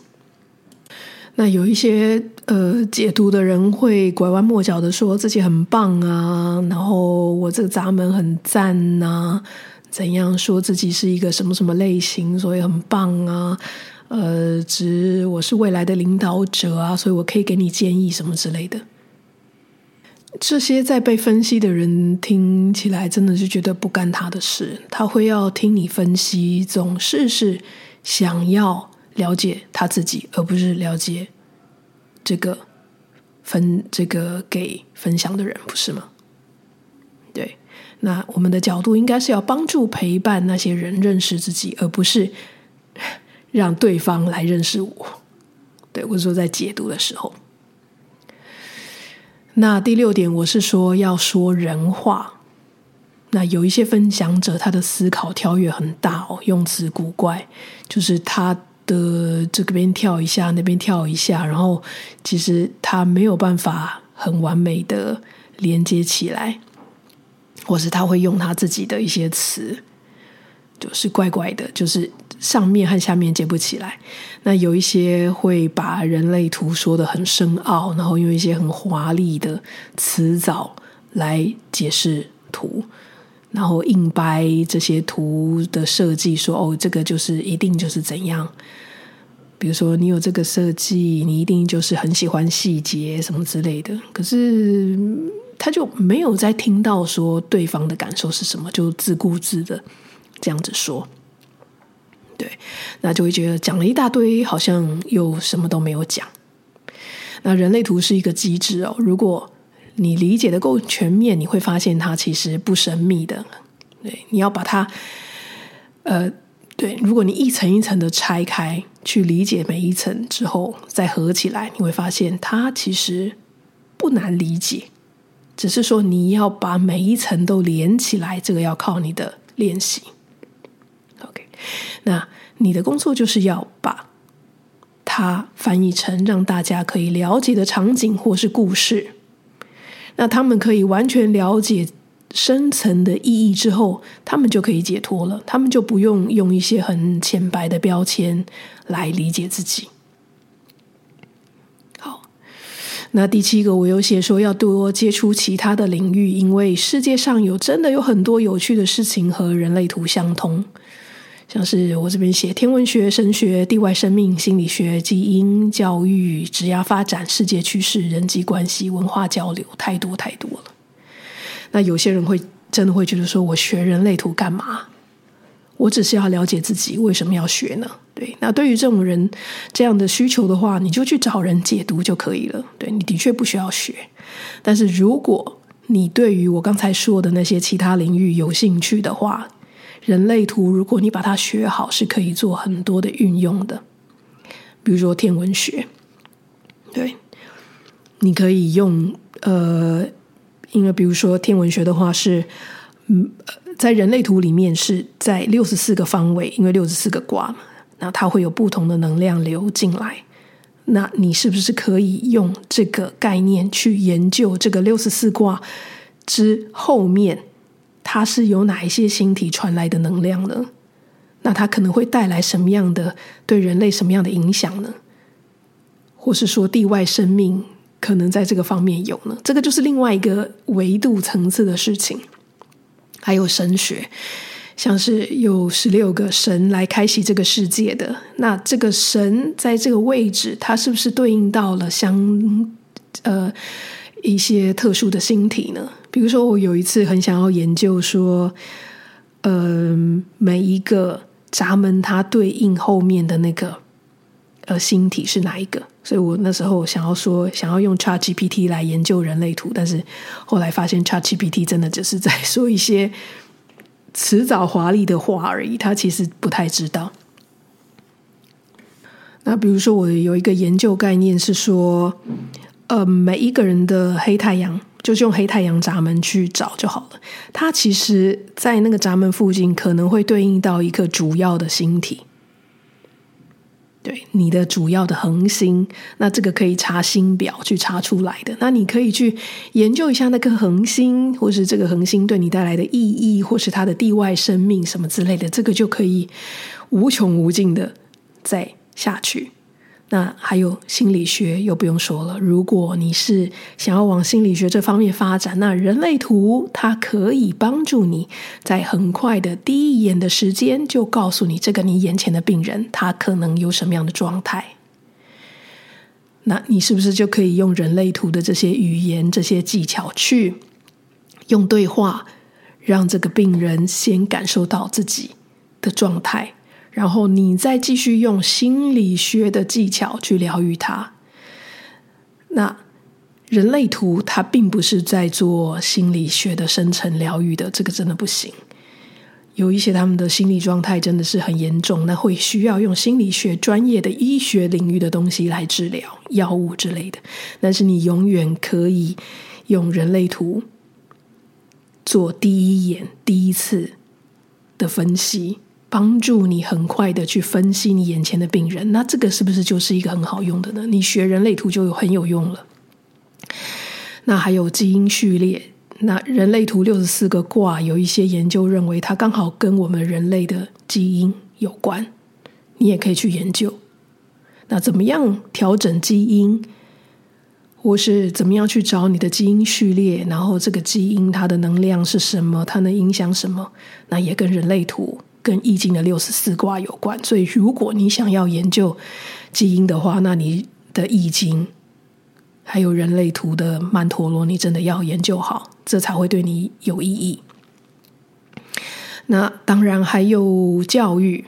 [SPEAKER 1] 那有一些呃解讀的人會拐彎抹角的說自己很棒啊，然後我這個閘門很讚啊，怎樣說自己是一個什麼什麼類型，所以很棒啊，呃，指我是未來的領導者啊，所以我可以給你建議什麼之類的。這些在被分析的人聽起來真的是覺得不干他的事，他會要聽你分析，總是是想要。了解他自己，而不是了解這個分這個給分享的人，不是嗎？對，那我們的角度應該是要幫助陪伴那些人認識自己，而不是讓對方來認識我。對，我說在解讀的時候，那第六點，我是說要說人話。那有一些分享者，他的思考跳躍很大哦，用詞古怪，就是他。的這邊跳一下，那邊跳一下，然後其實他沒有辦法很完美的連接起來，或是他會用他自己的一些詞，就是怪怪的，就是上面和下面接不起來。那有一些會把人類圖說得很深奧，然後用一些很華麗的詞藻來解釋圖。然後硬掰這些圖的設計說，說哦，這個就是一定就是怎樣。比如說你有這個設計，你一定就是很喜歡細節什麼之類的。可是他就沒有再聽到說對方的感受是什麼，就自顧自的這樣子說。對，那就會覺得講了一大堆，好像又什麼都沒有講。那人類圖是一個機制哦，如果。你理解的夠全面，你會發現它其實不神秘的。對，你要把它，呃，對，如果你一層一層的拆開去理解每一層之後再合起來，你會發現它其實不難理解，只是說你要把每一層都連起來，這個要靠你的練習。OK，那你的工作就是要把它翻譯成讓大家可以了解的場景或是故事。那他們可以完全了解深層的意義之後，他們就可以解脫了。他們就不用用一些很淺白的標籤來理解自己。好，那第七個我有寫說要多接觸其他的領域，因為世界上有真的有很多有趣的事情和人類圖相通。像是我這邊寫天文學、神學、地外生命、心理學、基因、教育、職業發展、世界趨勢、人際關係、文化交流，太多太多了。那有些人會真的會覺得說：“我學人類圖幹嘛？”我只是要了解自己，為什麼要學呢？對，那對於這種人這樣的需求的話，你就去找人解讀就可以了。對，你的確不需要學，但是如果你對於我剛才說的那些其他領域有興趣的話，人類圖，如果你把它學好，是可以做很多的運用的，比如說天文學，對，你可以用呃，因為比如說天文學的話是，嗯，呃，在人類圖裡面是在六十四個方位，因為六十四個卦嘛，那它會有不同的能量流進來，那你是不是可以用這個概念去研究這個六十四卦之後面？它是由哪一些星體傳來的能量呢？那它可能會帶來什麼樣的對人類什麼樣的影響呢？或是說，地外生命可能在這個方面有呢？這個就是另外一個維度層次的事情。還有神學，像是有十六個神來開啟這個世界的，那這個神在這個位置，它是不是對應到了相呃？一些特殊的星體呢，比如說我有一次很想要研究說，嗯，每一個閘門它對應後面的那個呃星體是哪一個，所以我那時候想要說想要用 ChatGPT 來研究人類圖，但是後來發現 ChatGPT 真的只是在說一些辭藻華麗的話而已，他其實不太知道。那比如說我有一個研究概念是說，呃，每一個人的黑太陽，就是用黑太陽閘門去找就好了。它其實在那個閘門附近，可能會對應到一顆主要的星體，對，你的主要的恆星。那這個可以查星表去查出來的。那你可以去研究一下那顆恆星，或是這個恆星對你帶來的意義，或是它的地外生命什麼之類的。這個就可以無窮無盡的再下去。那還有心理學，又不用說了。如果你是想要往心理學這方面發展，那人類圖它可以幫助你在很快的第一眼的時間就告訴你這個你眼前的病人他可能有什麼樣的狀態。那你是不是就可以用人類圖的這些語言、這些技巧去用對話，讓這個病人先感受到自己的狀態？然後你再繼續用心理學的技巧去療癒他。那人類圖它並不是在做心理學的深層療癒的，這個真的不行。有一些他們的心理狀態真的是很嚴重，那會需要用心理學專業的醫學領域的東西來治療，藥物之類的。但是你永遠可以用人類圖做第一眼、第一次的分析。幫助你很快的去分析你眼前的病人，那這個是不是就是一個很好用的呢？你學人類圖就有很有用了。那還有基因序列，那人類圖六十四個卦有一些研究認為它剛好跟我們人類的基因有關，你也可以去研究。那怎麼樣調整基因，或是怎麼樣去找你的基因序列，然後這個基因它的能量是什麼？它能影響什麼？那也跟人類圖。跟易經的六十四卦有關，所以如果你想要研究基因的話，那你的易經還有人類圖的曼陀羅，你真的要研究好，這才會對你有意義。那當然還有教育，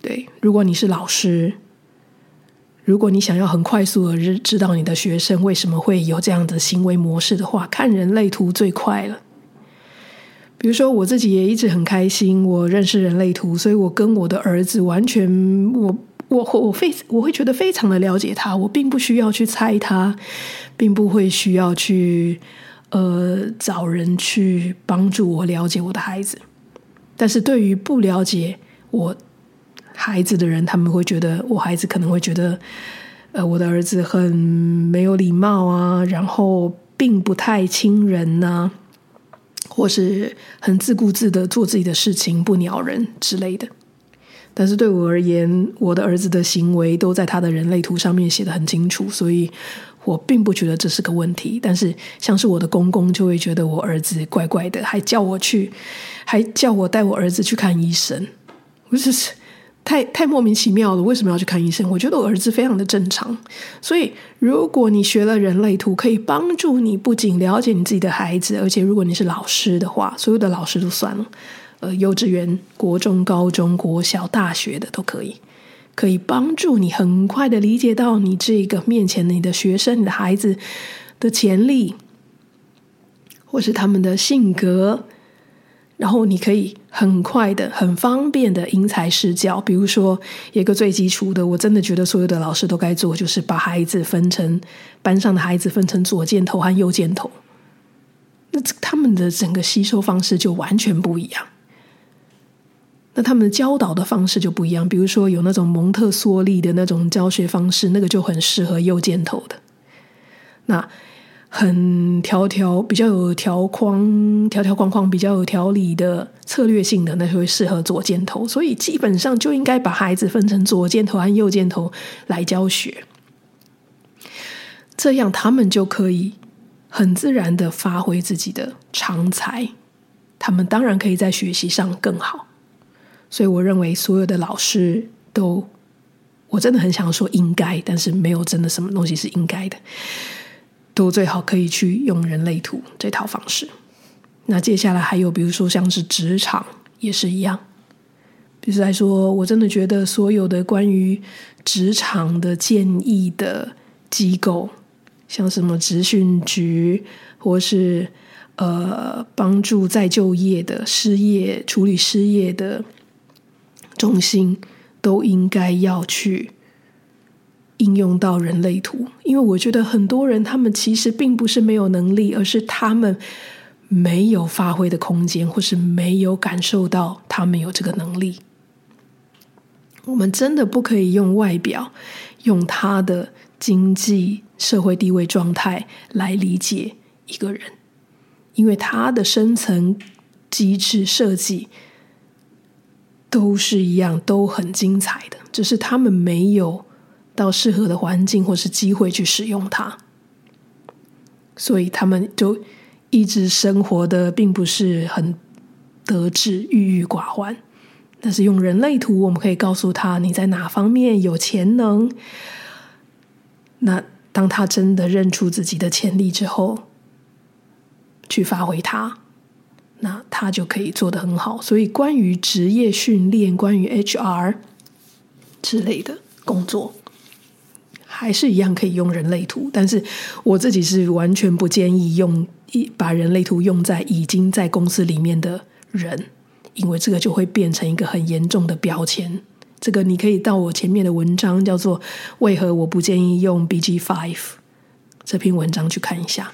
[SPEAKER 1] 對，如果你是老師，如果你想要很快速的知道你的學生為什麼會有這樣的行為模式的話，看人類圖最快了。比如說，我自己也一直很開心。我認識人類圖，所以我跟我的兒子完全，我我我非我會覺得非常的了解他。我並不需要去猜他，並不會需要去呃找人去幫助我了解我的孩子。但是對於不了解我孩子的人，他們會覺得我孩子可能會覺得，呃，我的兒子很沒有禮貌啊，然後並不太親人吶、啊。或是很自顧自的做自己的事情，不鳥人之類的。但是對我而言，我的兒子的行為都在他的人類圖上面寫的很清楚，所以我並不覺得這是個問題。但是像是我的公公就會覺得我兒子怪怪的，還叫我去，還叫我帶我兒子去看醫生。我、就是。太太莫名其妙了，為什麼要去看醫生？我覺得我兒子非常的正常。所以，如果你學了人類圖，可以幫助你不僅了解你自己的孩子，而且如果你是老師的話，所有的老師都算了，呃，幼稚園、國中、高中、國小、大學的都可以，可以幫助你很快的理解到你這個面前的你的學生、你的孩子的潛力，或是他們的性格，然後你可以。很快的、很方便的因材施教，比如說一個最基礎的，我真的覺得所有的老師都該做，就是把孩子分成班上的孩子分成左箭頭和右箭頭，那他們的整個吸收方式就完全不一樣，那他們的教導的方式就不一樣。比如說有那種蒙特梭利的那種教學方式，那個就很適合右箭頭的，那。很條條比較有條框，條條框框比較有條理的策略性的，那就會適合左箭頭。所以基本上就應該把孩子分成左箭頭和右箭頭來教學，這樣他們就可以很自然的發揮自己的長才，他們當然可以在學習上更好。所以我認為所有的老師都，我真的很想說應該，但是沒有真的什麼東西是應該的。都最好可以去用人類圖這套方式。那接下來還有，比如說像是職場也是一樣。比如說來說，我真的覺得所有的關於職場的建議的機構，像什麼職訓局，或是呃幫助再就業的、失業處理失業的中心，都應該要去，應用到人類圖，因為我覺得很多人他們其實並不是沒有能力，而是他們沒有發揮的空間，或是沒有感受到他們有這個能力。我們真的不可以用外表、用他的經濟社會地位狀態來理解一個人，因為他的深層機制設計都是一樣，都很精彩的，只、就是他們沒有。到適合的環境或是機會去使用它，所以他們就一直生活的並不是很得志，鬱鬱寡歡。但是用人類圖，我們可以告訴他你在哪方面有潛能。那當他真的認出自己的潛力之後，去發揮它，那他就可以做得很好。所以關於職業訓練、關於 HR 之類的工作。還是一樣可以用人類圖，但是我自己是完全不建議用把人類圖用在已經在公司裡面的人，因為這個就會變成一個很嚴重的標籤。這個你可以到我前面的文章叫做《為何我不建議用 BG5》這篇文章去看一下。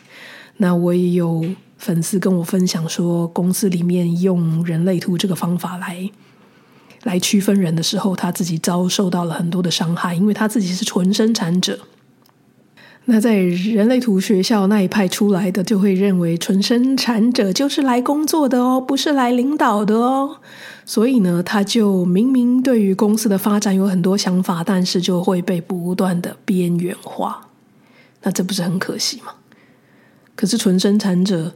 [SPEAKER 1] 那我也有粉絲跟我分享說，公司裡面用人類圖這個方法來。來區分人的時候，他自己遭受到了很多的傷害，因為他自己是純生產者。那在人類圖學校那一派出來的，就會認為純生產者就是來工作的哦，不是來領導的哦。所以呢，他就明明對於公司的發展有很多想法，但是就會被不斷的邊緣化。那這不是很可惜嗎？可是純生產者。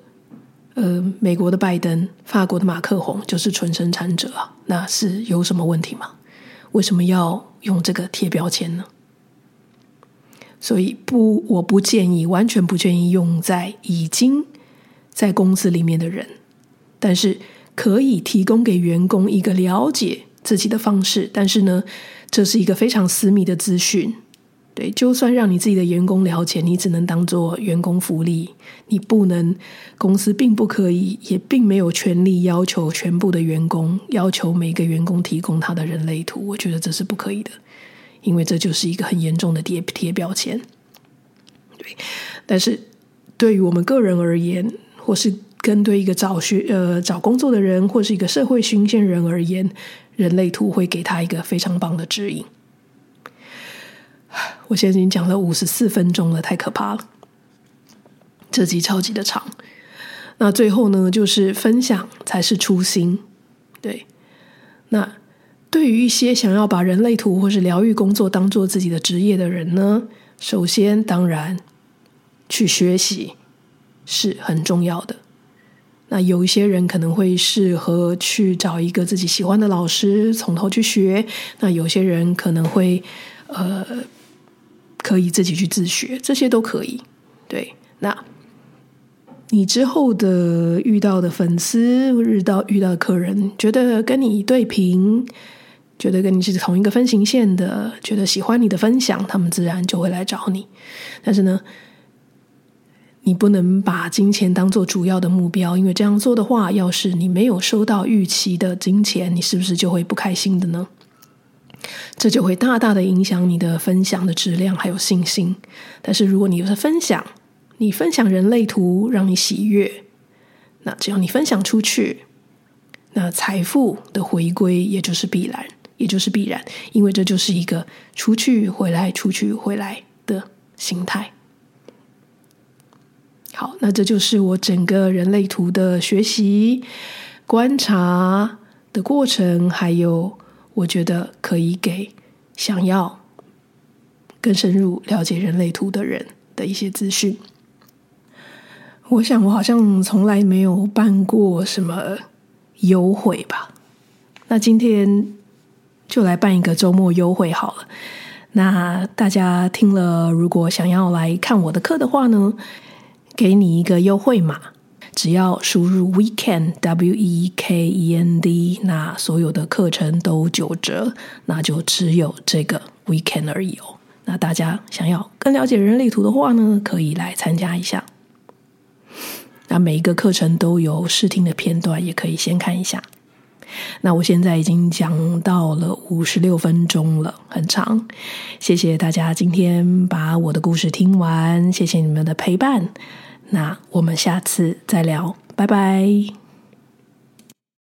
[SPEAKER 1] 呃，美國的拜登、法國的馬克宏就是純生產者啊，那是有什麼問題嗎？為什麼要用這個貼標籤呢？所以不，我不建議，完全不建議用在已經在公司裡面的人，但是可以提供給員工一個了解自己的方式。但是呢，這是一個非常私密的資訊。對，就算讓你自己的員工了解，你只能當做員工福利，你不能，公司並不可以，也並沒有權利要求全部的員工，要求每個員工提供他的人類圖。我覺得這是不可以的，因為這就是一個很嚴重的貼貼標籤。對，但是對於我們個人而言，或是跟對一個找學呃找工作的人，或是一個社會新鮮人而言，人類圖會給他一個非常棒的指引。我現在已經講了五十四分鐘了，太可怕了！這集超級的長。那最後呢，就是分享才是初心，對。那對於一些想要把人類圖或是療癒工作當做自己的職業的人呢，首先當然去學習是很重要的。那有一些人可能會適合去找一個自己喜歡的老師，從頭去學。那有些人可能會呃。可以自己去自學，這些都可以。對，那你之後的遇到的粉絲，遇到遇到的客人，覺得跟你對頻，覺得跟你是同一個分形線的，覺得喜歡你的分享，他們自然就會來找你。但是呢，你不能把金錢當做主要的目標，因為這樣做的話，要是你沒有收到預期的金錢，你是不是就會不開心的呢？這就會大大的影響你的分享的質量，還有信心。但是如果你是分享，你分享人類圖讓你喜悅，那只要你分享出去，那財富的回歸也就是必然，也就是必然，因為這就是一個出去回來、出去回來的心態。好，那這就是我整個人類圖的學習、觀察的過程，還有。我覺得可以給想要更深入了解人類圖的人的一些資訊。我想我好像從來沒有辦過什麼優惠吧？那今天就來辦一個週末優惠好了。那大家聽了，如果想要來看我的課的話呢，給你一個優惠碼。只要輸入 weekend w e k e n d，那所有的課程都九折，那就只有這個 weekend 而已哦。那大家想要更了解人類圖的話呢，可以來參加一下。那每一個課程都有試聽的片段，也可以先看一下。那我現在已經講到了五十六分鐘了，很長。謝謝大家今天把我的故事聽完，謝謝你們的陪伴。那我們下次再聊，拜拜。